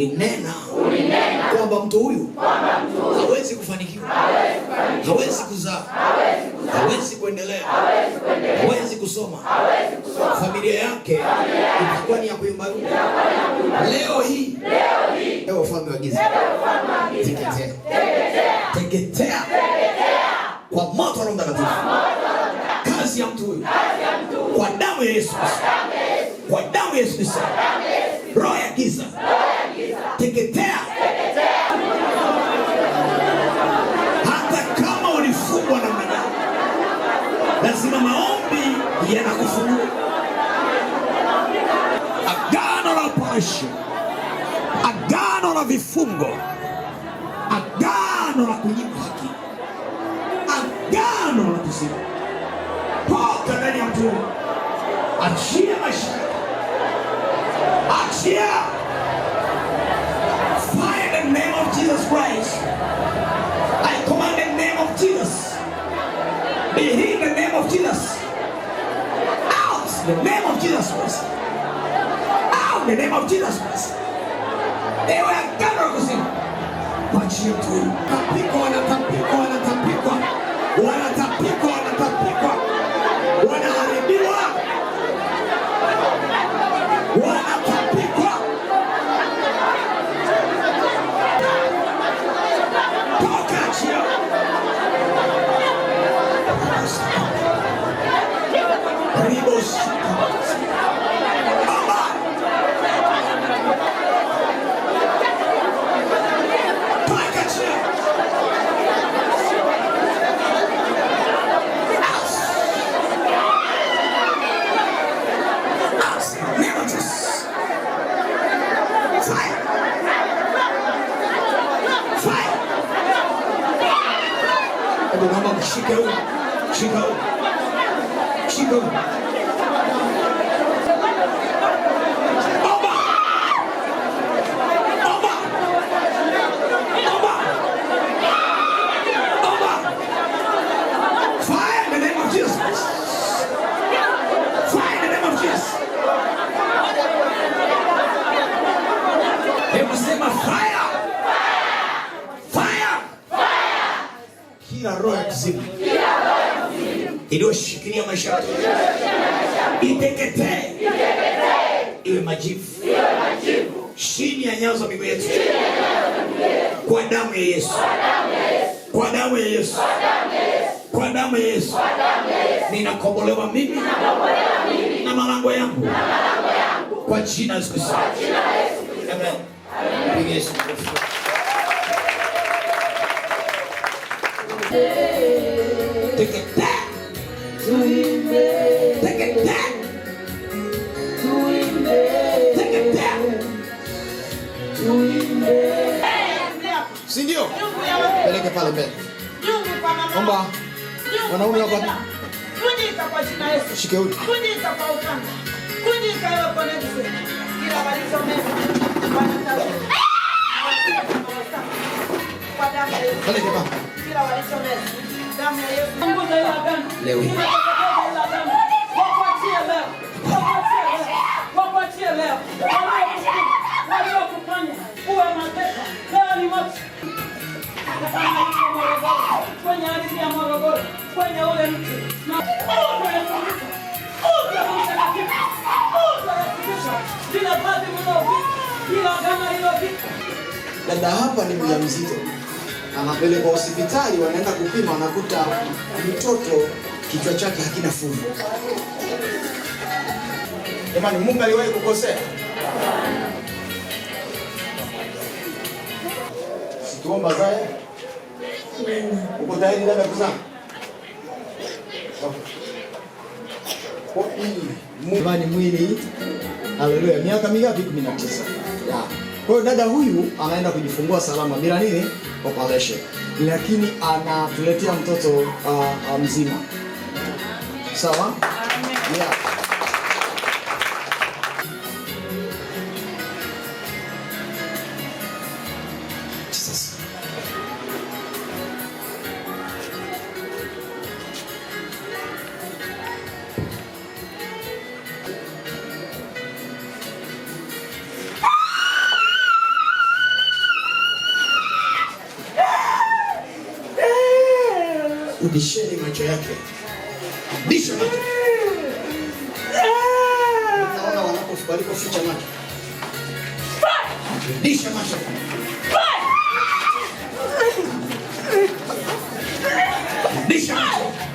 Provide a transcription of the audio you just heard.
ulinena kwamba mtu huyu hawezi kufanikiwa, hawezi kuzaa, hawezi kuendelea, hawezi kusoma, familia yake itakuwa ni ya kuyumbayumba. Leo hii ewe ufalme wa giza, teketea, teketea kwa moto wa Roho Mtakatifu, kazi ya mtu huyu, kwa damu ya Yesu, kwa damu ya Yesu Kristo, roho ya giza utateketea. Hata kama ulifungwa na mwanadamu, lazima maombi yanakufungua. Agano la agano la vifungo, agano la kunyima haki, agano la toka ndani ya mtu, achia maisha, achia The name of Jesus Christ. Au the name of Jesus Christ. Ewe agano kuzima. Kwa jina tu. Tapikwa, wanatapikwa, wanatapikwa. Wanatapikwa. と頑張って口食う口食う口う kila roho ya kuzimu iliyoshikilia maisha yako iteketee, iwe majivu chini ya nyayo za miguu yetu, kwa damu ya Yesu, kwa damu ya Yesu, kwa damu ya Yesu ninakombolewa mimi na malango yangu kwa jina la Yesu Kristo. Amen. back. Take it back. Take it back. Take it back. Si ndio? Peleke pale mbele. Omba. Wanaume wako. Kunyika kwa jina Yesu. Shike uti. Kunyika kwa upanga. Kunyika hiyo connection. Kila walichomeza. Wanataka kwa damu ya Yesu. Kila walichomeza damu ya Yesu. Mungu ndio agano. Leo. Wakuachie leo. Wakuachie leo. Waliokufanya uwe mateka. Leo ni moto. Kwenye ardhi ya Morogoro, kwenye ule mti. Dada hapa ni mjamzito anapelekwa hospitali, wanaenda kupima, wanakuta mtoto kichwa chake hakina fumbo. Jamani, Mungu aliwahi kukosea? Situomba zaye uko tayari dada kuzaa Mvani mwili haleluya, miaka mingapi? 19. Kwa hiyo dada huyu anaenda kujifungua salama bila nini? population, lakini anatuletea mtoto uh, uh, mzima. Sawa? Amen. Yeah. Disheni macho yake, disha macho. Unaona walipoficha macho, disha macho. Disha macho.